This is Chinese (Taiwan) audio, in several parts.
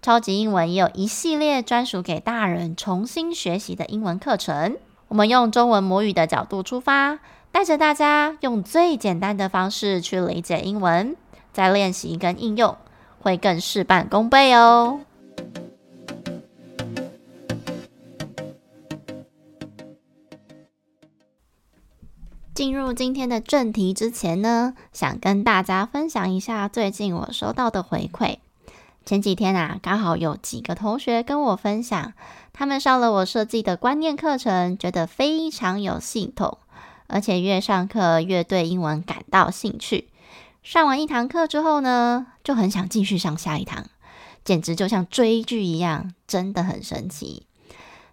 超級櫻文也有一系列專屬給大人重新學習的英文課程。我們用中文母語的角度出發，帶着大家用最簡單的方式去理解英文，再練習跟應用，會更事半功倍哦。進入今天的正題之前呢，想跟大家分享一下最近我收到的回饋。前幾天啊，剛好有幾個同學跟我分享，他們上了我設計的觀念課程，覺得非常有系統，而且越上課越對英文感到興趣。上完一堂課之後呢，就很想繼續上下一堂，簡直就像追劇一樣，真的很神奇。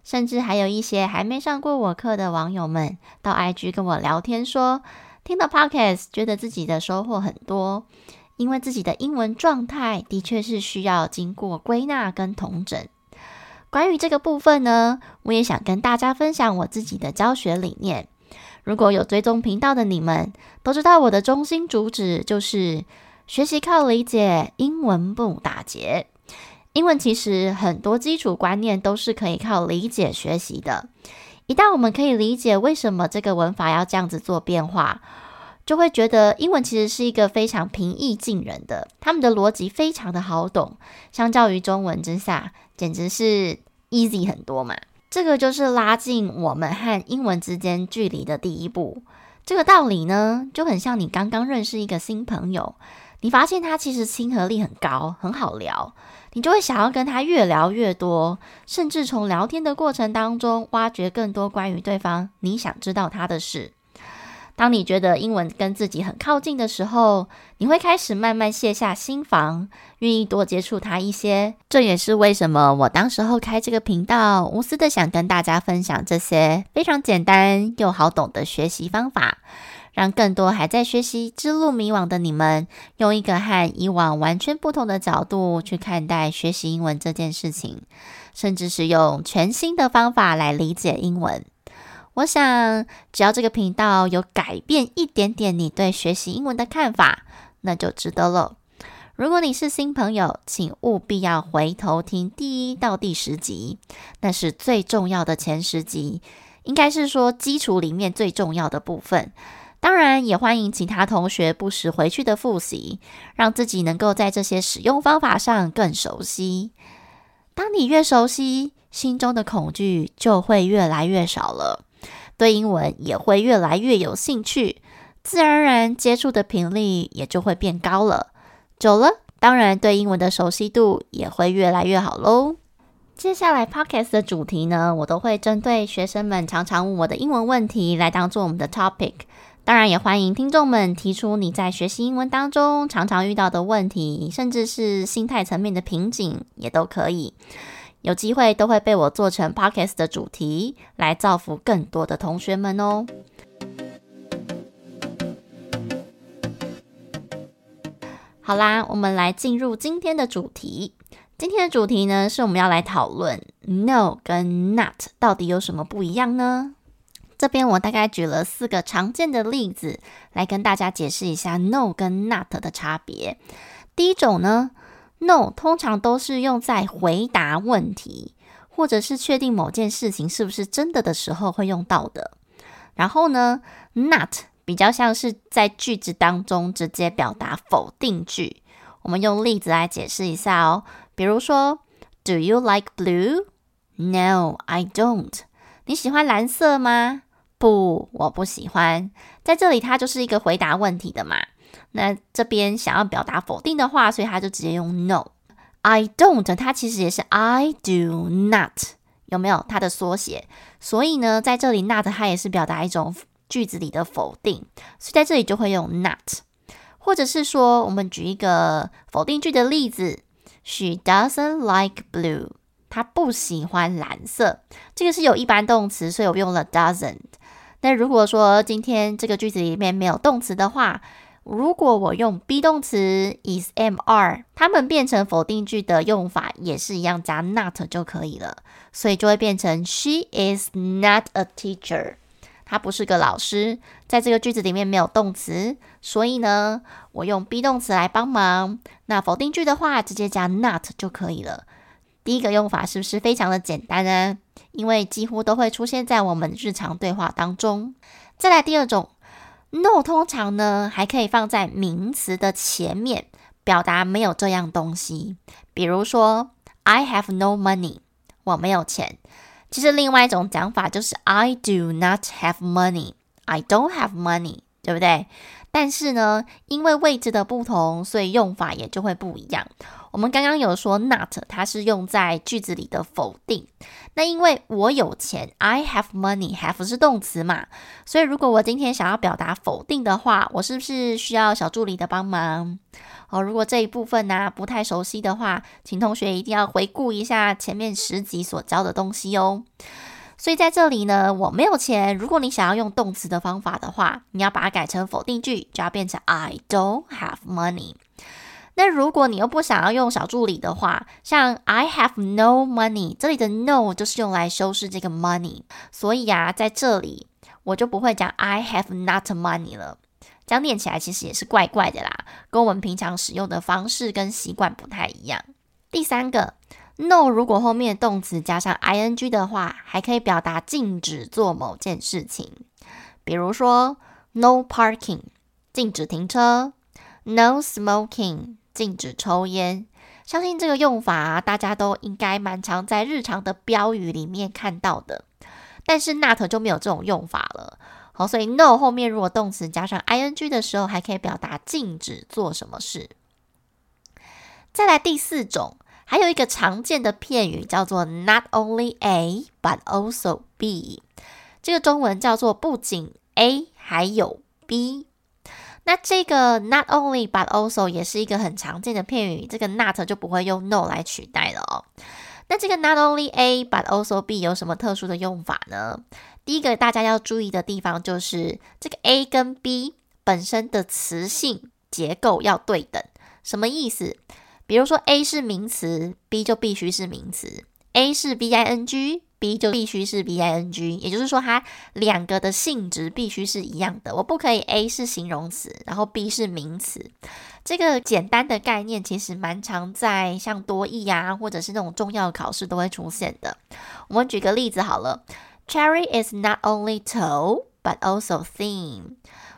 甚至還有一些還沒上過我課的網友們，到 IG 跟我聊天說，聽了 Podcast，覺得自己的收穫很多。因為自己的英文狀態的確是需要經過歸納跟統整。關於這個部分呢，我也想跟大家分享我自己的教學理念。如果有追蹤頻道的你們，都知道我的中心主旨就是學習靠理解，英文不打結。英文其實很多基礎觀念都是可以靠理解學習的。一旦我們可以理解為什麼這個文法要這樣子做變化，就會覺得英文其實是一個非常平易近人的，他們的邏輯非常的好懂，相較於中文之下，簡直是 easy 很多嘛。這個就是拉近我們和英文之間距離的第一步。這個道理呢，就很像你剛剛認識一個新朋友，你發現他其實親和力很高，很好聊，你就會想要跟他越聊越多，甚至從聊天的過程當中挖掘更多關於對方你想知道他的事。當你覺得英文跟自己很靠近的時候，你會開始慢慢卸下心防，願意多接觸它一些。這也是為什麼我當時候開這個頻道，無私的想跟大家分享這些非常簡單又好懂的學習方法，讓更多還在學習之路迷惘的你們，用一個和以往完全不同的角度去看待學習英文這件事情，甚至是用全新的方法來理解英文。我想，只要這個頻道有改變一點點你對學習英文的看法，那就值得了。如果你是新朋友，請務必要回頭聽第一到第十集，那是最重要的前十集，應該是說基礎裡面最重要的部分。當然，也歡迎其他同學不時回去的複習，讓自己能夠在這些使用方法上更熟悉。當你越熟悉，心中的恐懼就會越來越少了。對英文也會越來越有興趣，自然而然接觸的頻率也就會變高了。久了，當然對英文的熟悉度也會越來越好嘍。接下來 Podcast 的主題呢，我都會針對學生們常常問我的英文問題來當做我們的 topic。當然，也歡迎聽眾們提出你在學習英文當中常常遇到的問題，甚至是心態層面的瓶頸，也都可以。有機會都會被我做成 podcast 的主題，來造福更多的同學們哦。好啦，我們來進入今天的主題。今天的主題呢，是我們要來討論 no 跟 not 到底有什麼不一樣呢？這邊我大概舉了四個常見的例子，來跟大家解釋一下 no 跟 not 的差別。第一種呢。No，通常都是用在回答問題或者是確定某件事情是不是真的的時候會用到的。然後呢，Not 比較像是在句子當中直接表達否定句。我們用例子來解釋一下哦，比如說，Do you like blue? No, I don't. 你喜歡藍色嗎？不，我不喜歡。在這裡，它就是一個回答問題的嘛。那這邊想要表達否定的話，所以他就直接用 no，I don't。I don 它其實也是 I do not，有沒有它的縮寫？所以呢，在這裡 not 它也是表達一種句子裡的否定，所以在這裡就會用 not，或者是說我們舉一個否定句的例子：She doesn't like blue。她不喜歡藍色。這個是有一般動詞，所以我用了 doesn't。那如果說今天這個句子裡面沒有動詞的話，如果我用 be 動詞 is, am, are，它們變成否定句的用法也是一樣，加 not 就可以了。所以就會變成 she is not a teacher。她不是個老師。在這個句子裡面沒有動詞，所以呢，我用 be 動詞來幫忙。那否定句的話，直接加 not 就可以了。第一個用法是不是非常的簡單呢？因為幾乎都會出現在我們日常對話當中。再來第二種。No，通常呢還可以放在名詞的前面，表達沒有這樣東西。比如說，I have no money，我沒有錢。其實另外一種講法就是 I do not have money，I don't have money，對不對？但是呢，因為位置的不同，所以用法也就會不一樣。我們剛剛有說 not，它是用在句子裡的否定。那因為我有錢，I have money，have 是動詞嘛，所以如果我今天想要表達否定的話，我是不是需要小助理的幫忙？哦，如果這一部分呢、啊、不太熟悉的話，請同學一定要回顧一下前面十集所教的東西哦。所以在這裡呢，我沒有錢。如果你想要用動詞的方法的話，你要把它改成否定句，就要變成 I don't have money。那如果你又不想要用小助理的話，像 I have no money，這裡的 no 就是用來修飾這個 money，所以啊，在這裡我就不會講 I have not money 了，這樣唸起來其實也是怪怪的啦，跟我們平常使用的方式跟習慣不太一樣。第三個，no 如果後面的動詞加上 ing 的話，還可以表達禁止做某件事情，比如說 no parking，禁止停車，no smoking。禁止抽煙，相信這個用法啊，大家都應該蠻常在日常的標語裡面看到的。但是 not 就沒有這種用法了。好，所以 no 後面如果動詞加上 ing 的時候，還可以表達禁止做什麼事。再來第四種，還有一個常見的片語叫做 not only A but also B，這個中文叫做不僅 A 還有 B。那這個 not only but also 也是一個很常見的片語，這個 not 就不會用 no 來取代了哦。那這個 not only a but also b 有什麼特殊的用法呢？第一個大家要注意的地方就是這個 a 跟 b 本身的詞性結構要對等。什麼意思？比如說 a 是名詞，b 就必須是名詞。a 是 v i n g。就必須是 b i n g，也就是說，它兩個的性質必須是一樣的。我不可以 a 是形容詞，然後 b 是名詞。這個簡單的概念其實蠻常在像多益啊，或者是那種重要考試都會出現的。我們舉個例子好了，Cherry is not only tall but also thin。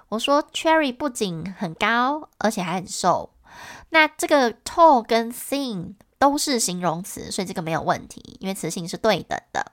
我說 Cherry 不僅很高，而且還很瘦。那這個 tall 跟 thin 都是形容詞，所以這個沒有問題，因為詞性是對等的。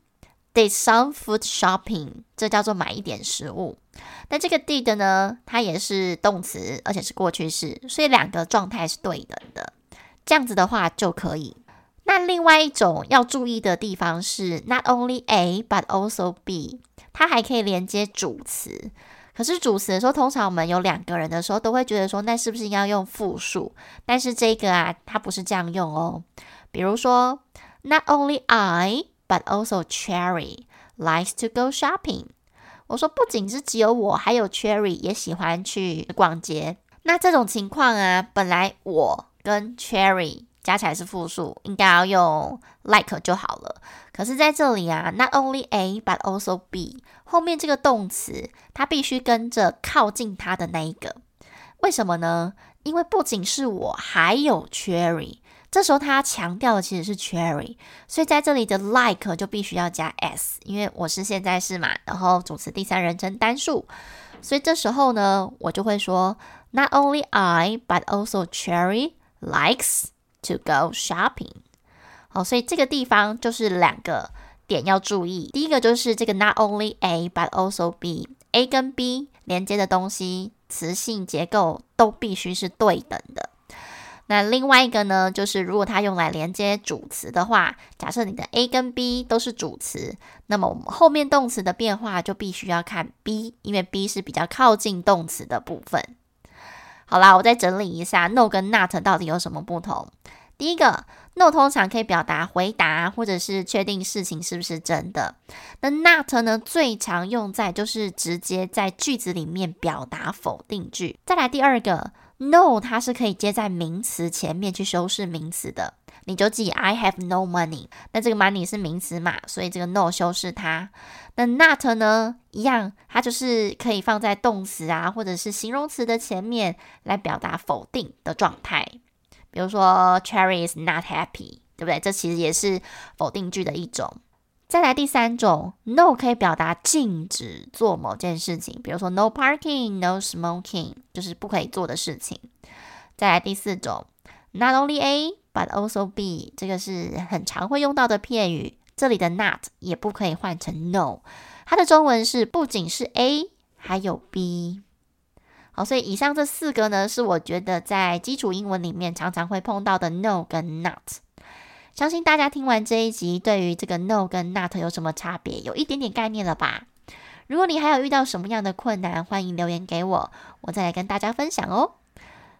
Did some food shopping，這叫做買一點食物。但這個 did 呢，它也是動詞，而且是過去式，所以兩個狀態是對等的。這樣子的話就可以。那另外一種要注意的地方是，not only A but also B，它還可以連接主詞。可是主詞的時候，通常我們有兩個人的時候，都會覺得說，那是不是應該用複數？但是這個啊，它不是這樣用哦。比如說，not only I But also Cherry likes to go shopping。我說，不僅是只有我，還有 Cherry 也喜歡去逛街。那這種情況啊，本來我跟 Cherry 加起來是複數，應該要用 like 就好了。可是在這裡啊，Not only A but also B 後面這個動詞，它必須跟着靠近它的那一個。為什麼呢？因為不僅是我，還有 Cherry。這時候他強調的其實是 Cherry，所以在這裡的 like 就必須要加 s，因為我是現在是嘛，然後主詞第三人稱單數，所以這時候呢，我就會說 Not only I but also Cherry likes to go shopping。好，所以這個地方就是兩個點要注意，第一個就是這個 Not only A but also B，A 跟 B 連接的東西詞性結構都必須是對等的。那另外一個呢，就是如果它用來連接主詞的話，假設你的 A 跟 B 都是主詞，那麼我們後面動詞的變化就必須要看 B，因為 B 是比較靠近動詞的部分。好啦，我再整理一下，No 跟 Not 到底有什麼不同？第一個，No 通常可以表達回答或者是確定事情是不是真的。那 Not 呢，最常用在就是直接在句子裡面表達否定句。再來第二個。No，它是可以接在名詞前面去修飾名詞的。你就記，I have no money。那這個 money 是名詞嘛，所以這個 no 修飾它。那 not 呢，一樣，它就是可以放在動詞啊，或者是形容詞的前面來表達否定的狀態。比如說，Cherry is not happy，對不對？這其實也是否定句的一種。再來第三種，no 可以表達禁止做某件事情，比如說 no parking，no smoking，就是不可以做的事情。再來第四種，not only A but also B，這個是很常會用到的片語，這裡的 not 也不可以換成 no，它的中文是不僅是 A 還有 B。好，所以以上這四個呢，是我覺得在基礎英文裡面常常會碰到的 no 跟 not。相信大家聽完這一集，對於這個 no 跟 not 有什麼差別，有一點點概念了吧？如果你還有遇到什麼樣的困難，歡迎留言給我，我再來跟大家分享哦。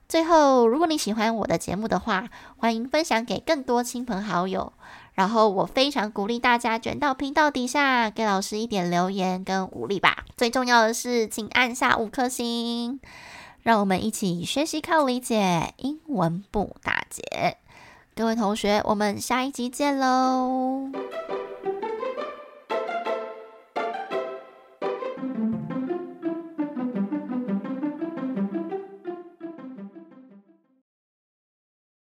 最後，如果你喜歡我的節目的話，歡迎分享給更多親朋好友。然後，我非常鼓勵大家捲到頻道底下，給老師一點留言跟鼓勵吧。最重要的是，請按下五顆星，讓我們一起學習靠理解，英文不打結。各位同學，我們下一集見嘍。